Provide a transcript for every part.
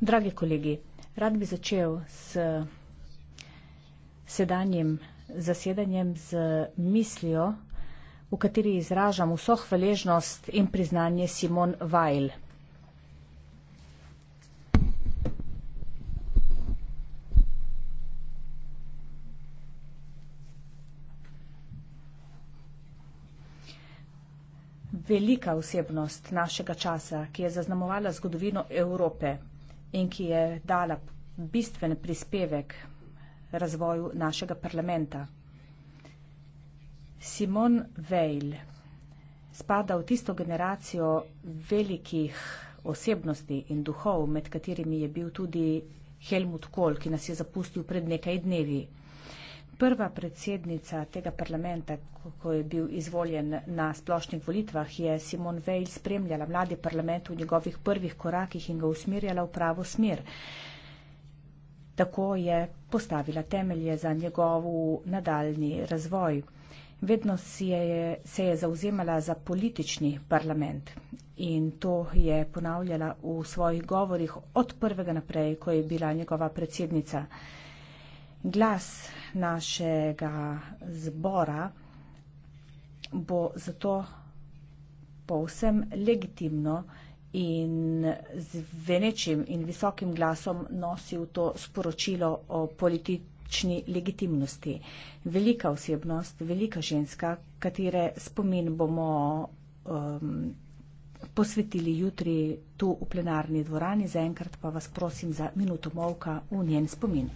Dragi kolegi, rad bi začel s sedanjem zasedanjem z mislijo, v kateri izražam vso hvaležnost in priznanje Simone Weil. velika osebnost našega časa, ki je zaznamovala zgodovino Evrope in ki je dala bistven prispevek razvoju našega parlamenta. Simon Veil spada v tisto generacijo velikih osebnosti in duhov, med katerimi je bil tudi Helmut Kohl, ki nas je zapustil pred nekaj dnevi prva predsednica tega parlamenta, ko je bil izvoljen na splošnih volitvah, je Simon Veil spremljala mladi parlament v njegovih prvih korakih in ga usmerjala v pravo smer. Tako je postavila temelje za njegov nadaljni razvoj. Vedno si je, se je zauzemala za politični parlament in to je ponavljala v svojih govorih od prvega naprej, ko je bila njegova predsednica. Glas našega zbora bo zato povsem legitimno in z venečim in visokim glasom nosil to sporočilo o politični legitimnosti. Velika osebnost, velika ženska, katere spomin bomo um, posvetili jutri tu v plenarni dvorani. Zaenkrat pa vas prosim za minuto molka v njen spomin.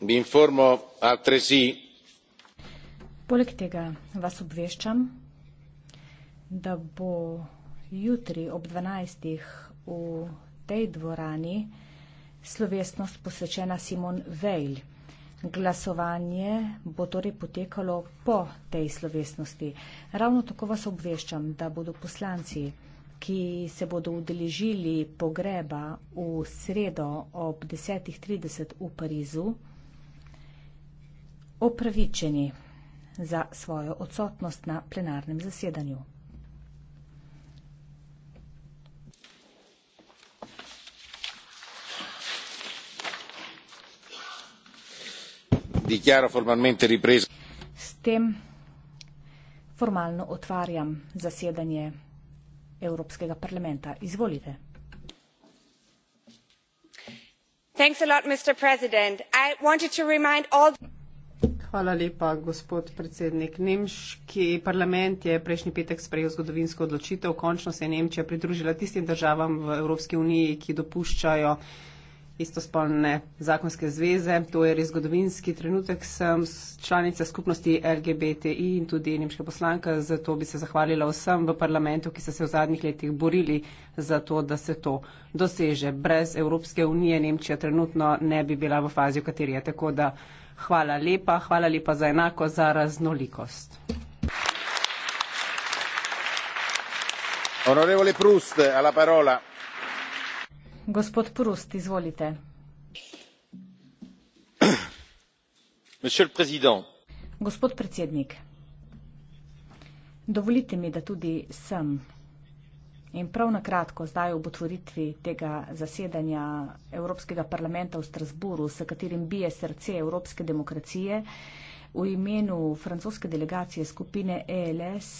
vi informo altresì poleg tega vas obveščam da bo jutri ob dvanajstih v tej dvorani slovesnost posvečena simone veil Glasovanje bo torej potekalo po tej slovesnosti. Ravno tako vas obveščam, da bodo poslanci, ki se bodo udeležili pogreba v sredo ob 10.30 v Parizu, opravičeni za svojo odsotnost na plenarnem zasedanju. dichiaro formalmente ripreso. S tem formalno otvarjam zasedanje Evropskega parlamenta. Izvolite. Hvala lepa, gospod predsednik. Nemški parlament je prejšnji petek sprejel zgodovinsko odločitev. Končno se je Nemčija pridružila tistim državam v Evropski uniji, ki dopuščajo istospolne zakonske zveze. To je res zgodovinski trenutek. Sem članica skupnosti LGBTI in tudi nemška poslanka, zato bi se zahvalila vsem v parlamentu, ki so se v zadnjih letih borili za to, da se to doseže. Brez Evropske unije Nemčija trenutno ne bi bila v fazi, v kateri je. Tako da hvala lepa, hvala lepa za enako, za raznolikost. Onorevole Proust, alla parola gospod proust izvolite. gospod predsednik dovolite mi da tudi sem in prav na kratko zdaj ob otvoritvi tega zasedanja evropskega parlamenta v strasburu s katerim bije srce evropske demokracije v imenu francoske delegacije skupine els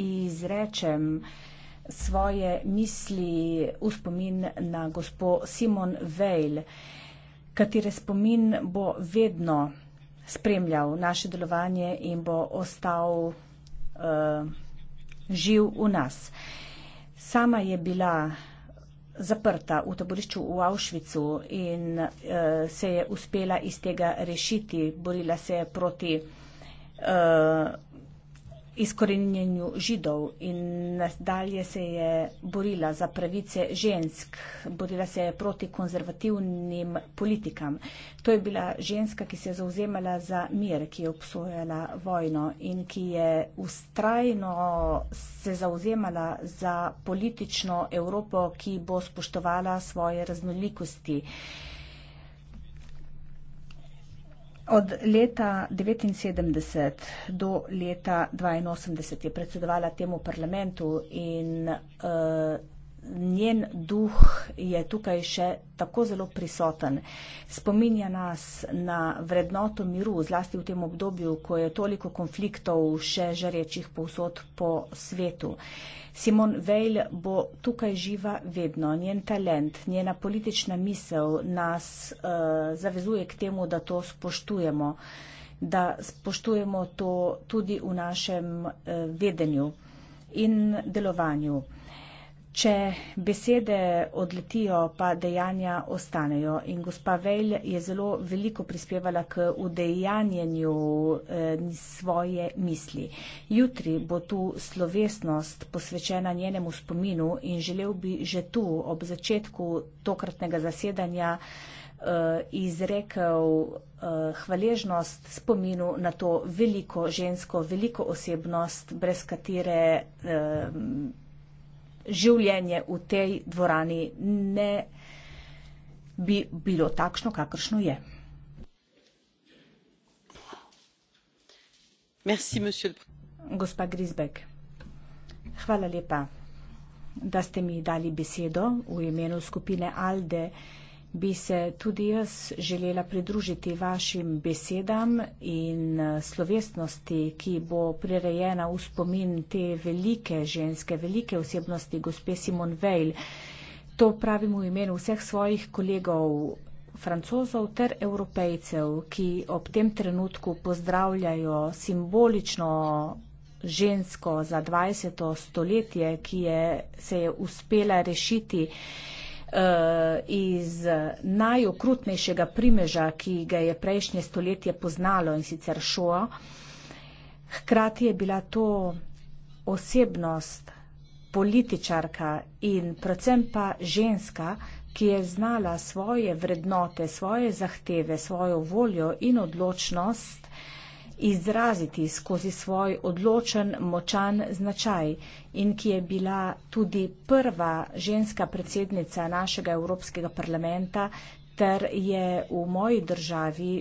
izrečem eh, svoje misli v spomin na gospo Simon Veil, katere spomin bo vedno spremljal naše delovanje in bo ostal uh, živ v nas. Sama je bila zaprta v taborišču v Auschwitzu in uh, se je uspela iz tega rešiti, borila se je proti uh, izkoreninjenju židov in nadalje se je borila za pravice žensk, borila se je proti konzervativnim politikam. To je bila ženska, ki se je zauzemala za mir, ki je obsojala vojno in ki je ustrajno se zauzemala za politično Evropo, ki bo spoštovala svoje raznolikosti. Od leta 1979 do leta 1982 je predsedovala temu parlamentu in uh, njen duh je tukaj še tako zelo prisoten. Spominja nas na vrednoto miru, zlasti v tem obdobju, ko je toliko konfliktov še žarečih povsod po svetu. Simon Veil bo tukaj živa vedno. Njen talent, njena politična misel nas uh, zavezuje k temu, da to spoštujemo, da spoštujemo to tudi v našem uh, vedenju in delovanju. Uh, Če besede odletijo, pa dejanja ostanejo. In gospa Vejl je zelo veliko prispevala k udejanjenju eh, svoje misli. Jutri bo tu slovesnost posvečena njenemu spominu in želel bi že tu ob začetku tokratnega zasedanja eh, izrekel eh, hvaležnost spominu na to veliko žensko, veliko osebnost, brez katere življenje v tej dvorani ne bi bilo takšno, kakršno je. Gospa Grizbek, hvala lepa, da ste mi dali besedo v imenu skupine ALDE bi se tudi jaz želela pridružiti vašim besedam in eh, slovesnosti, ki bo prirejena v spomin te velike ženske, velike osebnosti, gospe Simon Veil. To pravim v imenu vseh svojih kolegov, francozov ter evropejcev, ki ob tem trenutku pozdravljajo simbolično žensko za 20. stoletje, ki je, se je uspela rešiti Eh, iz najokrutnejšega primeža, ki ga je prejšnje stoletje poznalo in sicer šoa. Hkrati je bila to osebnost, političarka in predvsem pa ženska, ki je znala svoje vrednote, svoje zahteve, svojo voljo in odločnost eh, izraziti skozi svoj odločen, močan značaj in ki je bila tudi prva ženska predsednica našega Evropskega parlamenta ter je v moji državi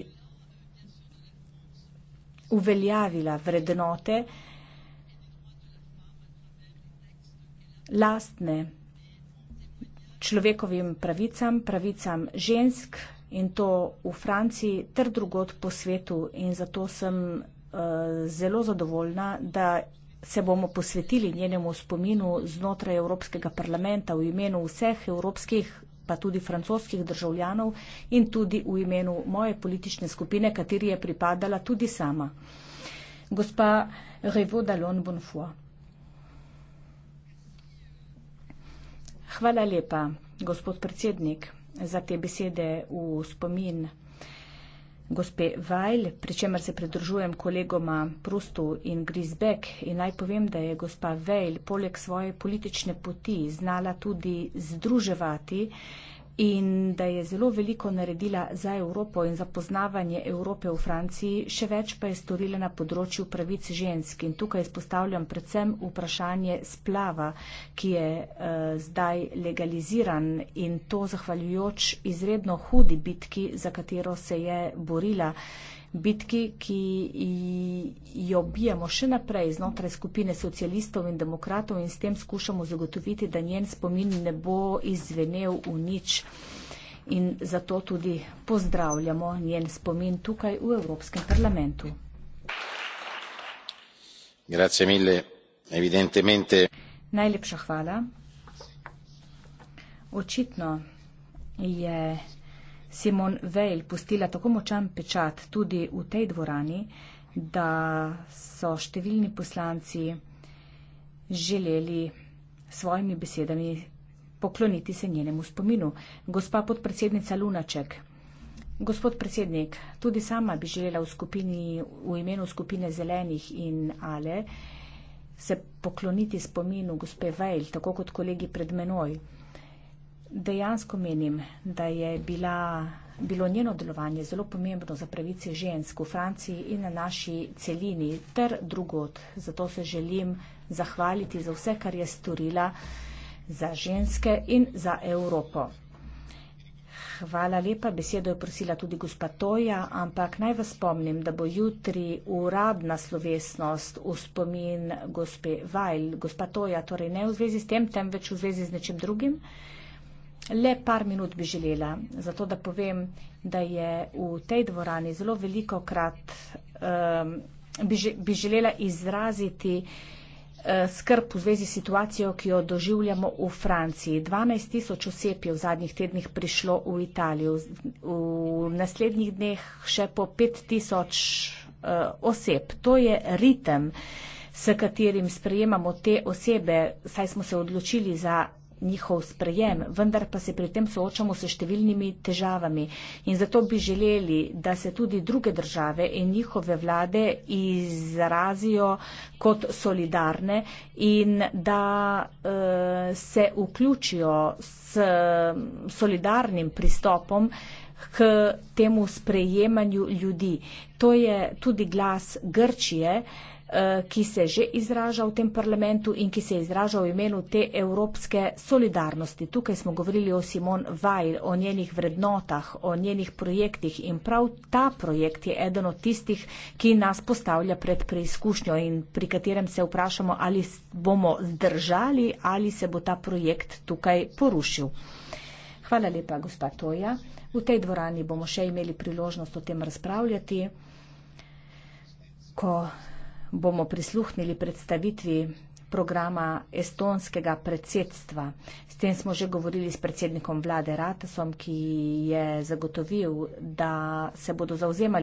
uveljavila vrednote lastne človekovim pravicam, pravicam žensk, in to v Franciji ter drugot po svetu. In zato sem uh, zelo zadovoljna, da se bomo posvetili njenemu spominu znotraj Evropskega parlamenta v imenu vseh evropskih pa tudi francoskih državljanov in tudi v imenu moje politične skupine, kateri je pripadala tudi sama. Gospa Revo Dalon Bonfoy. Hvala lepa, gospod predsednik za te besede v spomin gospe Vajl, pri čemer se pridružujem kolegoma Prustu in Grisbek in naj povem, da je gospa Vajl poleg svoje politične poti znala tudi združevati in da je zelo veliko naredila za Evropo in za poznavanje Evrope v Franciji, še več pa je storila na področju pravic žensk. In tukaj izpostavljam predvsem vprašanje splava, ki je uh, zdaj legaliziran in to zahvaljujoč izredno hudi bitki, za katero se je borila bitki, ki jo bijemo še naprej znotraj skupine socialistov in demokratov in s tem skušamo zagotoviti, da njen spomin ne bo izvenel v nič. In zato tudi pozdravljamo njen spomin tukaj v Evropskem parlamentu. Najlepša hvala. Očitno je Simon Veil pustila tako močan pečat tudi v tej dvorani, da so številni poslanci želeli svojimi besedami pokloniti se njenemu spominu. Gospa podpredsednica Lunaček. Gospod predsednik, tudi sama bi želela v, skupini, v imenu skupine Zelenih in Ale se pokloniti spominu gospe Vejl, tako kot kolegi pred menoj dejansko menim, da je bila, bilo njeno delovanje zelo pomembno za pravice žensk v Franciji in na naši celini ter drugot. Zato se želim zahvaliti za vse, kar je storila za ženske in za Evropo. Hvala lepa, besedo je prosila tudi gospa Toja, ampak naj vas spomnim, da bo jutri uradna slovesnost v spomin gospe Vajl. Gospa Toja, torej ne v zvezi s tem, temveč v zvezi z nečim drugim. Le par minut bi želela, zato da povem, da je v tej dvorani zelo veliko krat, um, ehm, bi, že, bi želela izraziti uh, skrb v zvezi s situacijo, ki jo doživljamo v Franciji. 12 tisoč oseb je v zadnjih tednih prišlo v Italijo, v, v naslednjih dneh še po 5 tisoč uh, oseb. To je ritem, s katerim sprejemamo te osebe, saj smo se odločili za njihov sprejem, vendar pa se pri tem soočamo s številnimi težavami. In zato bi želeli, da se tudi druge države in njihove vlade izrazijo kot solidarne in da uh, se vključijo s mm, solidarnim pristopom k temu sprejemanju ljudi. To je tudi glas Grčije. Uh, Eh, ki se že izraža v tem parlamentu in ki se izraža v imenu te evropske solidarnosti. Tukaj smo govorili o Simon Weil, o njenih vrednotah, o njenih projektih in prav ta projekt je eden od tistih, ki nas postavlja pred preizkušnjo in pri katerem se vprašamo, ali bomo zdržali ali se bo ta projekt tukaj porušil. Hvala lepa, gospa Toja. V tej dvorani bomo še imeli priložnost o tem razpravljati. Ko bomo prisluhnili predstavitvi programa estonskega predsedstva. S tem smo že govorili s predsednikom vlade Ratasom, ki je zagotovil, da se bodo zauzemali